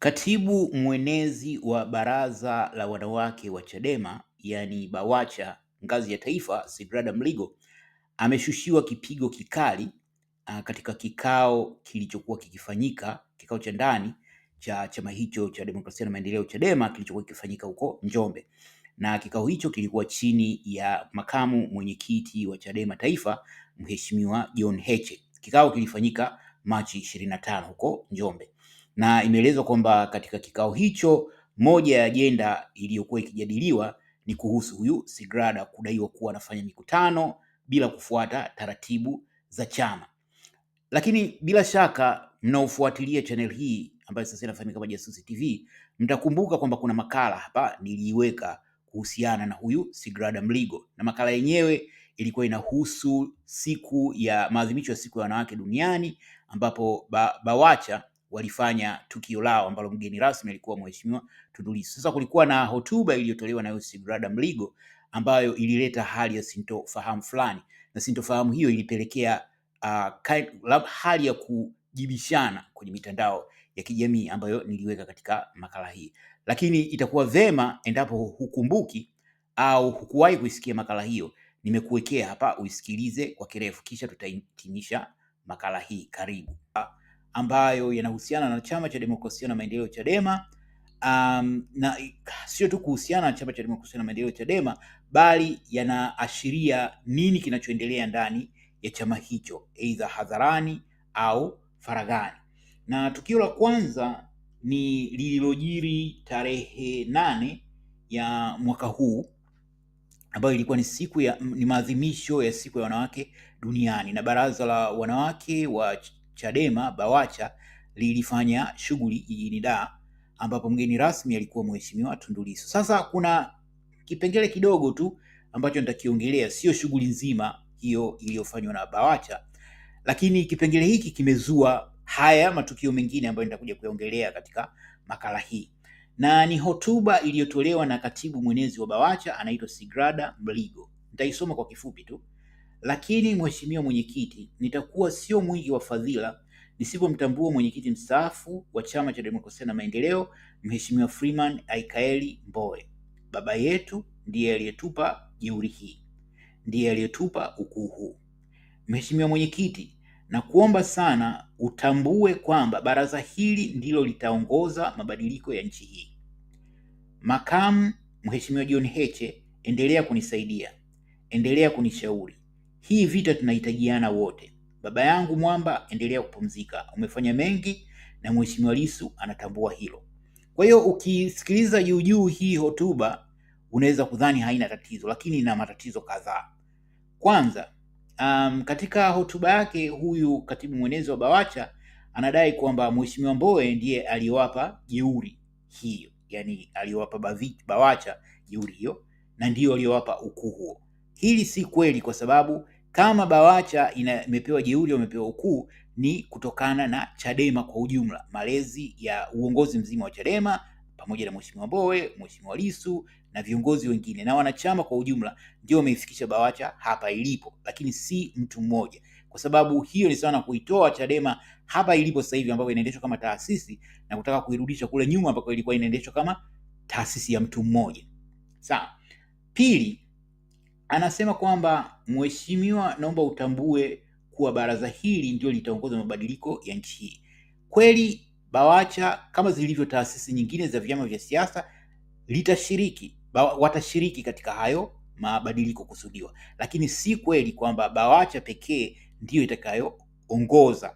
Katibu mwenezi wa baraza la wanawake wa Chadema yani BAWACHA ngazi ya taifa Sigrada Mligo ameshushiwa kipigo kikali uh, katika kikao kilichokuwa kikifanyika, kikao cha ndani cha chama hicho cha demokrasia na maendeleo Chadema kilichokuwa kikifanyika huko Njombe, na kikao hicho kilikuwa chini ya makamu mwenyekiti wa Chadema taifa Mheshimiwa John Heche. Kikao kilifanyika Machi 25 huko Njombe na imeelezwa kwamba katika kikao hicho moja ya ajenda iliyokuwa ikijadiliwa ni kuhusu huyu Sigrada kudaiwa kuwa anafanya mikutano bila kufuata taratibu za chama. Lakini bila shaka mnaofuatilia channel hii ambayo sasa inafahamika kama Jasusi TV, mtakumbuka kwamba kuna makala hapa niliiweka kuhusiana na huyu Sigrada Mligo, na makala yenyewe ilikuwa inahusu siku ya maadhimisho ya siku ya wanawake duniani ambapo ba, BAWACHA walifanya tukio lao ambalo mgeni rasmi alikuwa Mheshimiwa Tundu Lissu. Sasa kulikuwa na hotuba iliyotolewa na Yusuf Brada Mligo ambayo ilileta hali ya sintofahamu fulani, na sintofahamu hiyo ilipelekea uh, hali ya kujibishana kwenye mitandao ya kijamii ambayo niliweka katika makala hii, lakini itakuwa vema endapo hukumbuki au hukuwahi kuisikia makala hiyo, nimekuwekea hapa uisikilize kwa kirefu, kisha tutahitimisha makala hii. Karibu. Ah, ambayo yanahusiana na chama cha demokrasia na maendeleo Chadema. Um, na sio tu kuhusiana na chama cha demokrasia na maendeleo Chadema, bali yanaashiria nini kinachoendelea ndani ya chama hicho, aidha hadharani au faragani. Na tukio la kwanza ni lililojiri tarehe nane ya mwaka huu ambayo ilikuwa ni siku ya, ni maadhimisho ya siku ya wanawake duniani, na baraza la wanawake wa Chadema Bawacha lilifanya shughuli jijini Dar ambapo mgeni rasmi alikuwa Mheshimiwa Tundu Lissu. Sasa kuna kipengele kidogo tu ambacho nitakiongelea, sio shughuli nzima hiyo iliyofanywa na Bawacha, lakini kipengele hiki kimezua haya matukio mengine ambayo nitakuja kuyaongelea katika makala hii, na ni hotuba iliyotolewa na katibu mwenezi wa Bawacha anaitwa Sigrada Mligo. Nitaisoma kwa kifupi tu. Lakini mheshimiwa mwenyekiti, nitakuwa sio mwingi wa fadhila nisipomtambua mwenyekiti mstaafu wa Chama cha Demokrasia na Maendeleo, Mheshimiwa Freeman Aikaeli Mbowe. Baba yetu ndiye aliyetupa jeuri hii, ndiye aliyetupa ukuu huu. Mheshimiwa mwenyekiti, nakuomba sana utambue kwamba baraza hili ndilo litaongoza mabadiliko ya nchi hii. Makamu Mheshimiwa John Heche, endelea kunisaidia, endelea kunishauri hii vita tunahitajiana wote. Baba yangu mwamba, endelea kupumzika, umefanya mengi na Mheshimiwa Lissu anatambua hilo. Kwa hiyo ukisikiliza juu juu hii hotuba unaweza kudhani haina tatizo, lakini ina matatizo kadhaa. Kwanza, um, katika hotuba yake huyu katibu mwenezi wa Bawacha anadai kwamba Mheshimiwa Mbowe ndiye aliyowapa jeuri hiyo, yani aliyowapa Bawacha jeuri hiyo na ndiyo aliyowapa ukuu huo. Hili si kweli, kwa sababu kama BAWACHA imepewa jeuri, imepewa ukuu ni kutokana na Chadema kwa ujumla, malezi ya uongozi mzima wa Chadema pamoja na Mheshimiwa Mbowe, Mheshimiwa Lissu na viongozi wengine na wanachama kwa ujumla ndio wameifikisha BAWACHA hapa ilipo, lakini si mtu mmoja, kwa sababu hiyo ni sawa na kuitoa Chadema hapa ilipo sasa hivi ambapo inaendeshwa kama taasisi na kutaka kuirudisha kule nyuma ambako ilikuwa inaendeshwa kama taasisi ya mtu mmoja. Sawa. Pili, anasema kwamba mheshimiwa, naomba utambue kuwa baraza hili ndio litaongoza mabadiliko ya nchi hii. Kweli BAWACHA kama zilivyo taasisi nyingine za vyama vya siasa litashiriki watashiriki katika hayo mabadiliko kusudiwa, lakini si kweli kwamba BAWACHA pekee ndiyo itakayoongoza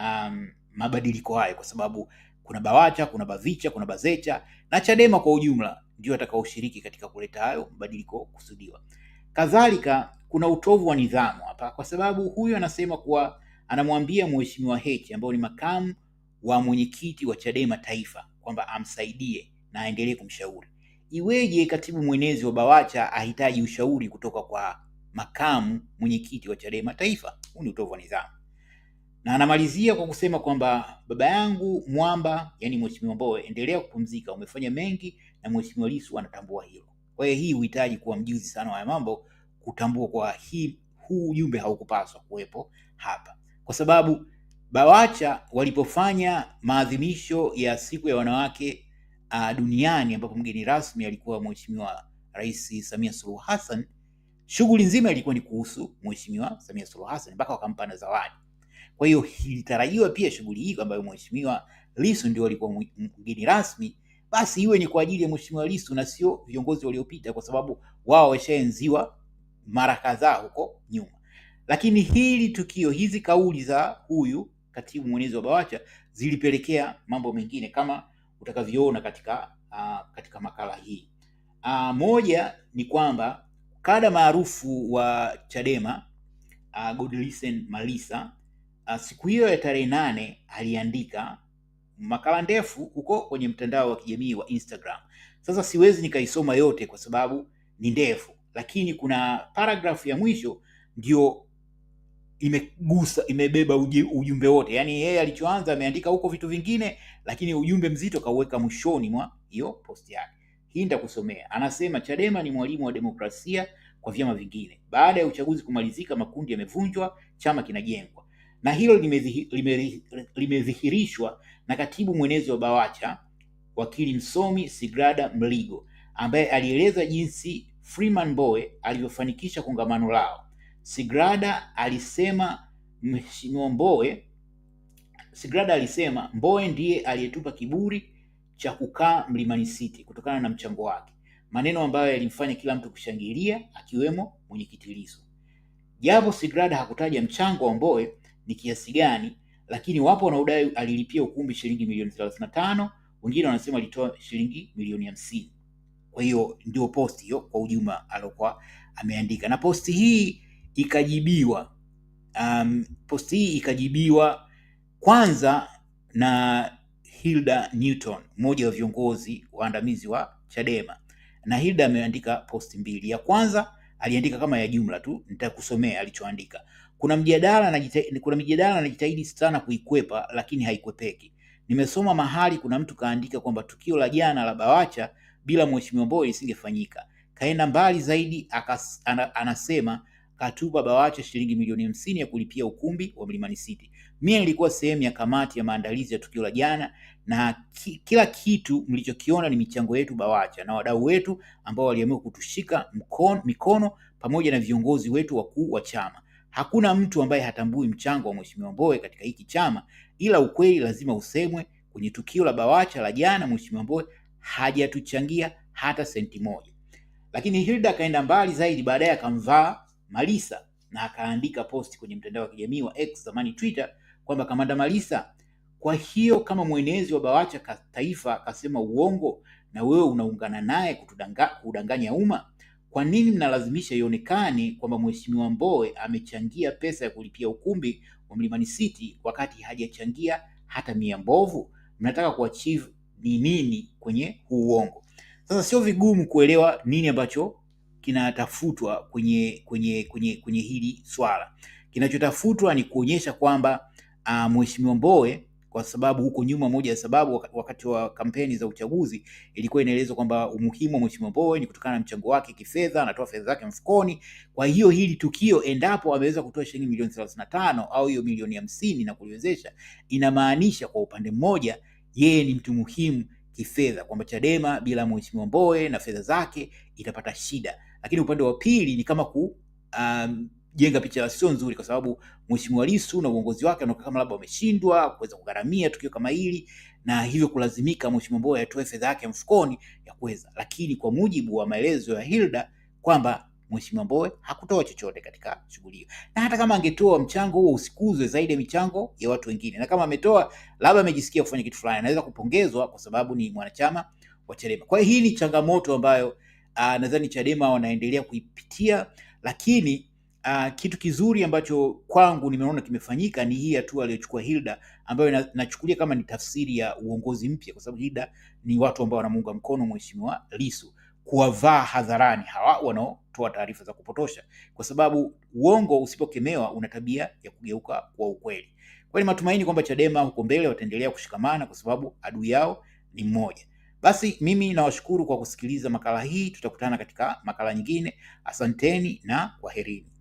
um, mabadiliko hayo, kwa sababu kuna BAWACHA, kuna BAVICHA, kuna BAZECHA na CHADEMA kwa ujumla ndio atakaoshiriki katika kuleta hayo mabadiliko kusudiwa. Kadhalika kuna utovu wa nidhamu hapa, kwa sababu huyu anasema kuwa anamwambia mheshimiwa Heche ambaye ni makamu wa mwenyekiti wa Chadema taifa kwamba amsaidie na aendelee kumshauri. Iweje katibu mwenezi wa Bawacha ahitaji ushauri kutoka kwa makamu mwenyekiti wa Chadema taifa? Huu ni utovu wa nidhamu. Na anamalizia kwa kusema kwamba baba yangu mwamba, yani mheshimiwa Mbowe, endelea kupumzika, umefanya mengi na mheshimiwa Lissu anatambua hilo. Kwa hiyo hii huhitaji kuwa mjuzi sana wa mambo kutambua kwa hii huu ujumbe haukupaswa kuwepo hapa, kwa sababu BAWACHA walipofanya maadhimisho ya siku ya wanawake uh, duniani ambapo mgeni rasmi alikuwa Mheshimiwa Rais Samia Suluhu Hassan, shughuli nzima ilikuwa ni kuhusu Mheshimiwa Samia Suluhu Hassan mpaka wakampa na zawadi. Kwa hiyo ilitarajiwa pia shughuli hii ambayo Mheshimiwa Lissu ndio alikuwa mgeni rasmi basi iwe ni kwa ajili ya Mheshimiwa Lissu na sio viongozi waliopita, kwa sababu wao washaenziwa mara kadhaa huko nyuma. Lakini hili tukio, hizi kauli za huyu katibu mwenezi wa Bawacha zilipelekea mambo mengine kama utakavyoona katika, uh, katika makala hii. Uh, moja ni kwamba kada maarufu wa Chadema uh, Godlisten Malisa uh, siku hiyo ya tarehe nane aliandika makala ndefu huko kwenye mtandao wa kijamii wa Instagram. Sasa siwezi nikaisoma yote kwa sababu ni ndefu, lakini kuna paragrafu ya mwisho ndio imegusa imebeba ujumbe wote. Yaani yeye alichoanza ameandika huko vitu vingine, lakini ujumbe mzito kauweka mwishoni mwa hiyo post yake. Hii nitakusomea. Anasema Chadema ni mwalimu wa demokrasia kwa vyama vingine. Baada ya uchaguzi kumalizika, makundi yamevunjwa, chama kinajengwa na hilo limedhihirishwa na katibu mwenezi wa BAWACHA wakili msomi Sigrada Mligo ambaye alieleza jinsi Freeman Mbowe alivyofanikisha kongamano lao. Sigrada alisema Mheshimiwa Mbowe, Sigrada alisema Mbowe ndiye aliyetupa kiburi cha kukaa Mlimani City kutokana na mchango wake, maneno ambayo yalimfanya kila mtu kushangilia akiwemo mwenyekiti Lissu. Japo Sigrada hakutaja mchango wa Mbowe, ni kiasi gani, lakini wapo wanaodai alilipia ukumbi shilingi milioni thelathini na tano, wengine wanasema alitoa shilingi milioni hamsini. Kwa hiyo ndio posti hiyo kwa ujumla alokuwa ameandika, na posti hii ikajibiwa. Um, posti hii ikajibiwa kwanza na Hilda Newton, mmoja wa viongozi waandamizi wa Chadema, na Hilda ameandika posti mbili. Ya kwanza aliandika kama ya jumla tu, nitakusomea alichoandika. Kuna mjadala anajitahidi, kuna mjadala anajitahidi sana kuikwepa lakini haikwepeki. Nimesoma mahali kuna mtu kaandika kwamba tukio la jana la Bawacha bila Mheshimiwa Mbowe lisingefanyika. Kaenda mbali zaidi akas, anasema katupa Bawacha shilingi milioni hamsini ya kulipia ukumbi wa Mlimani City. Mimi nilikuwa sehemu ya kamati ya maandalizi ya tukio la jana, na kila kitu mlichokiona ni michango yetu BAWACHA na wadau wetu ambao waliamua kutushika mkono, mikono pamoja na viongozi wetu wakuu wa chama. Hakuna mtu ambaye hatambui mchango wa Mheshimiwa Mbowe katika hiki chama, ila ukweli lazima usemwe. Kwenye tukio la BAWACHA la jana, Mheshimiwa Mbowe hajatuchangia hata senti moja. Lakini Hilda akaenda mbali zaidi, baadaye akamvaa Malisa na akaandika posti kwenye mtandao wa kijamii wa X zamani Twitter kwamba kamanda Malisa, kwa hiyo kama mwenezi wa BAWACHA ka taifa kasema uongo na wewe unaungana naye kudanganya umma, kwa nini mnalazimisha ionekane kwamba mheshimiwa Mbowe amechangia pesa ya kulipia ukumbi wa Mlimani City wakati hajachangia hata mia mbovu? Mnataka kuachieve ni nini kwenye huu uongo? Sasa sio vigumu kuelewa nini ambacho kinatafutwa kwenye, kwenye, kwenye, kwenye hili swala. Kinachotafutwa ni kuonyesha kwamba uh, Mheshimiwa Mbowe kwa sababu huko nyuma, moja ya sababu wakati wa kampeni za uchaguzi ilikuwa inaelezwa kwamba umuhimu wa Mheshimiwa Mbowe ni kutokana na mchango wake kifedha, anatoa fedha zake mfukoni. Kwa hiyo hili tukio, endapo ameweza kutoa shilingi milioni thelathini na tano au hiyo milioni hamsini na kuliwezesha, inamaanisha kwa upande mmoja yeye ni mtu muhimu kifedha, kwamba Chadema bila Mheshimiwa Mbowe na fedha zake itapata shida, lakini upande wa pili ni kama ku um, kujenga picha sio nzuri, kwa sababu Mheshimiwa Lissu na uongozi wake wanakuwa kama labda wameshindwa kuweza kugharamia tukio kama hili, na hivyo kulazimika Mheshimiwa Mbowe atoe fedha yake mfukoni ya kuweza. Lakini kwa mujibu wa maelezo ya Hilda kwamba Mheshimiwa Mbowe hakutoa chochote katika shughuli hiyo, na hata kama angetoa mchango huo usikuzwe zaidi ya michango ya watu wengine, na kama ametoa labda amejisikia kufanya kitu fulani, anaweza kupongezwa kwa sababu ni mwanachama wa Chadema. Kwa hiyo hii ni changamoto ambayo ah, nadhani Chadema wanaendelea kuipitia, lakini Uh, kitu kizuri ambacho kwangu nimeona kimefanyika ni hii hatua aliyochukua Hilda ambayo na, kama ni tafsiri ya uongozi mpya, kwa sababu Hilda ni watu ambao wanamuunga mkono Mheshimiwa Lissu, kuwavaa hadharani hawa wanaotoa taarifa za kupotosha, kwa sababu uongo usipokemewa una tabia ya kugeuka kwa ukweli. Kwa hiyo ni matumaini kwamba Chadema huko mbele wataendelea kushikamana, kwa sababu adui yao ni mmoja. Basi mimi nawashukuru kwa kusikiliza makala hii, tutakutana katika makala nyingine. Asanteni na kwaherini.